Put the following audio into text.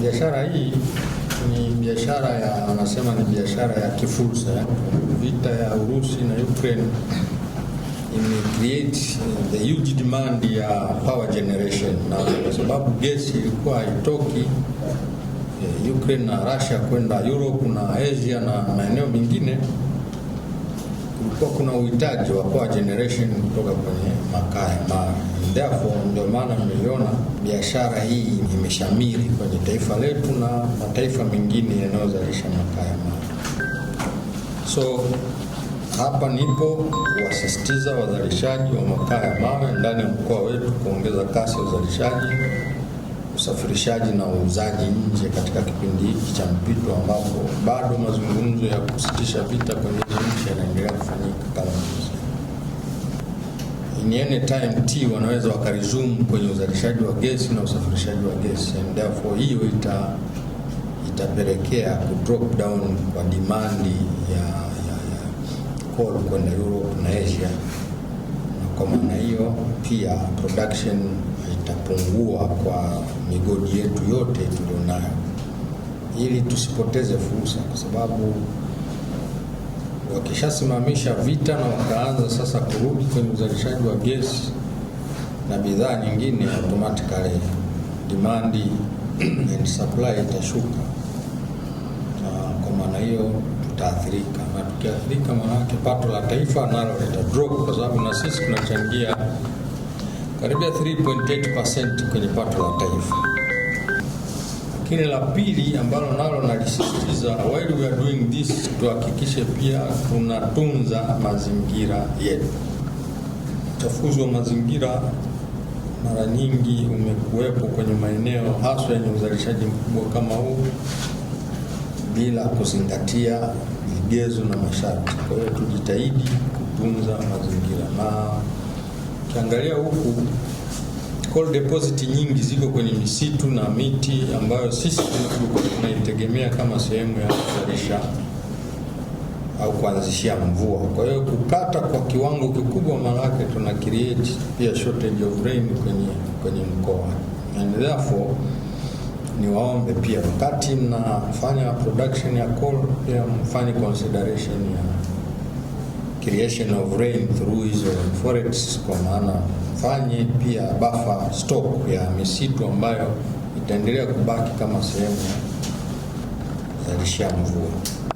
Biashara hii ni biashara ya wanasema ni biashara ya kifursa. Vita ya Urusi na Ukraine imecreate the huge demand ya power generation, na kwa sababu gesi ilikuwa haitoki eh, Ukraine na Russia kwenda Europe na Asia na maeneo mengine kulikuwa kuna uhitaji wa power generation kutoka kwenye makaa ya mawe. Therefore, ndio maana mmeiona biashara hii imeshamiri kwenye taifa letu na mataifa mengine yanayozalisha makaa ya mawe. So hapa nipo kuwasisitiza wazalishaji wa makaa ya mawe ndani ya mkoa wetu kuongeza kasi ya uzalishaji usafirishaji na uuzaji nje katika kipindi hiki cha mpito ambapo bado mazungumzo ya kusitisha vita kwenye nchi yanaendelea kufanyika kama in any time t wanaweza wakarizumu kwenye uzalishaji wa gesi na usafirishaji wa gesi and therefore hiyo ita itapelekea ku drop down kwa demand ya, ya, ya coal kwenda Europe na Asia, na kwa maana hiyo pia production itapungua kwa migodi yetu yote tulionayo, ili tusipoteze fursa, kwa sababu wakishasimamisha vita na wakaanza sasa kurudi kwenye uzalishaji wa gesi na bidhaa nyingine, automatically demand and supply itashuka, na kwa maana hiyo tutaathirika, na tukiathirika, maanake pato la taifa nalo litadrop, kwa sababu na sisi tunachangia karibia 3.8% kwenye pato la taifa. Lakini la pili ambalo nalo nalisisitiza, while we are doing this, tuhakikishe pia tunatunza mazingira yetu. Uchafuzi wa mazingira mara nyingi umekuwepo kwenye maeneo haswa yenye uzalishaji mkubwa kama huu bila kuzingatia vigezo na masharti. Kwa hiyo tujitahidi kutunza mazingira na Ukiangalia huku coal deposit nyingi ziko kwenye misitu na miti ambayo sisi tulikuwa tunaitegemea kama sehemu ya kuzalisha au kuanzishia mvua. Kwa hiyo kukata kwa kiwango kikubwa, maana tuna create pia shortage of rain kwenye, kwenye mkoa and therefore ni waombe pia wakati mnafanya production ya coal pia mfanye consideration ya creation of rain through hizo forests, kwa maana fanye pia buffer stock ya misitu ambayo itaendelea kubaki kama sehemu ya lishia mvua.